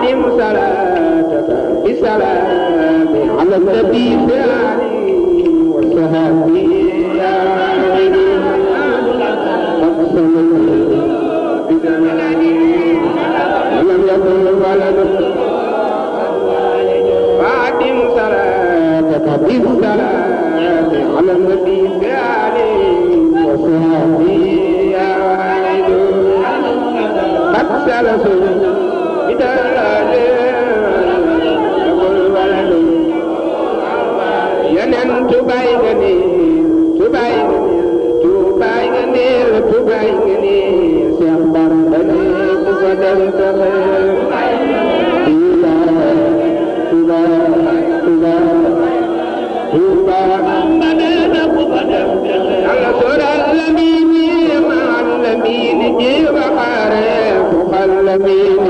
وأتم صلاتك بسلام على النبي فعلي وصحبه وقسم ولم يكن ولد وأتم صلاتك بسلام على النبي فعلي وصحبه قد سلسل neel ku bay nga nii Cheikh Bamba nii ku ko dem taxe Touba Touba Touba Touba Bamba nee na ku ko dem taxe Yàlla sooral la miini maan la miini jéem a xaare ku xal la miini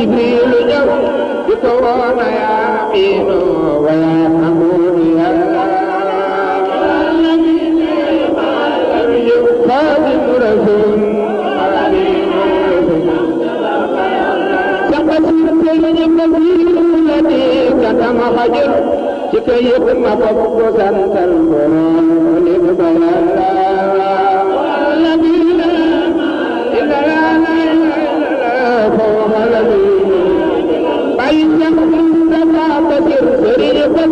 جبريل جب بكون يا أمين ويا حمود يا الذي لم يقصد رسول كتم خجر شكيت مفقوسا تلقون لبيان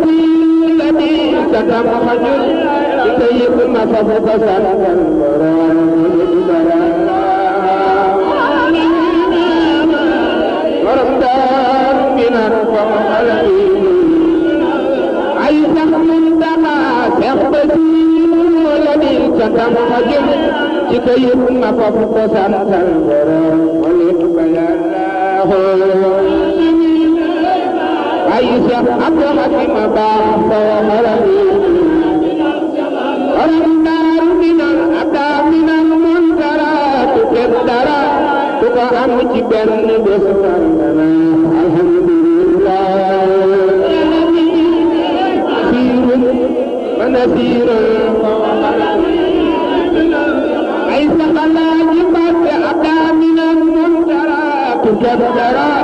الذي تتمخج سيكم ففتسر ورمدان من الفمخلقين عيسى من دماء سيخبتي الذي تتمخج سيكم ففتسر ولكبيان الله عيسى أبو حكيم Together,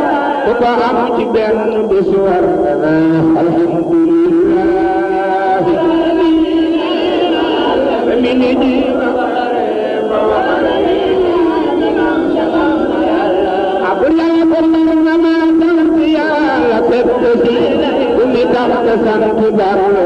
ku ko am ci benn bés war na naa alhamdulillah mi ni di ba ware ba ware abulay ko nar na ma sant yàlla fekk si ku mi tax ka sant barlo